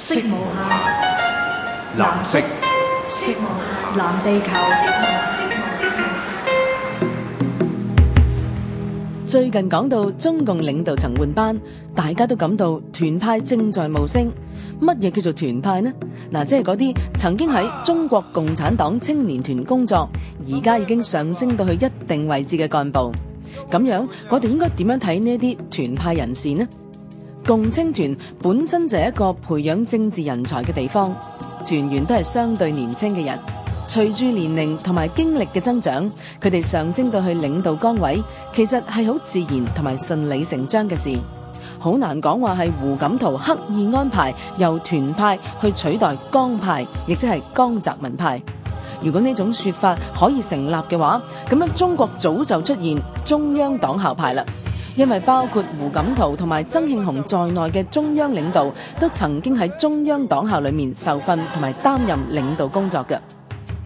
色無限，藍色，色無藍地球。最近講到中共領導層換班，大家都感到團派正在冒升。乜嘢叫做團派呢？嗱，即係嗰啲曾經喺中國共產黨青年團工作，而家已經上升到去一定位置嘅幹部。咁樣，我哋應該點樣睇呢啲團派人士呢？共青團本身就係一個培養政治人才嘅地方，團員都係相對年輕嘅人。隨住年齡同埋經歷嘅增長，佢哋上升到去領導崗位，其實係好自然同埋順理成章嘅事。好難講話係胡錦濤刻意安排由團派去取代江派，亦即係江澤民派。如果呢種說法可以成立嘅話，咁樣中國早就出現中央黨校派啦。因為包括胡錦濤同埋曾慶紅在內嘅中央領導，都曾經喺中央黨校裏面受訓同埋擔任領導工作嘅。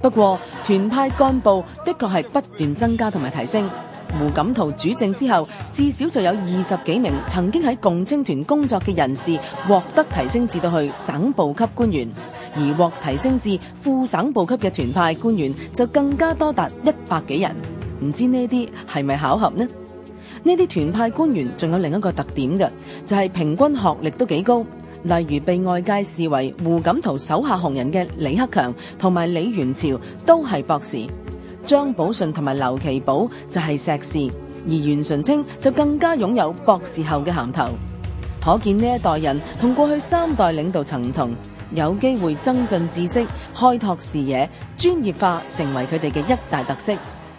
不過，團派幹部的確係不斷增加同埋提升。胡錦濤主政之後，至少就有二十幾名曾經喺共青團工作嘅人士獲得提升，至到去省部級官員；而獲提升至副省部級嘅團派官員就更加多達一百幾人。唔知呢啲係咪巧合呢？呢啲團派官員仲有另一個特點嘅，就係、是、平均學歷都幾高。例如被外界視為胡錦濤手下紅人嘅李克強同埋李源潮都係博士，張寶順同埋劉奇葆就係碩士，而袁純清就更加擁有博士後嘅銜頭。可見呢一代人同過去三代領導層同有機會增進知識、開拓視野、專業化，成為佢哋嘅一大特色。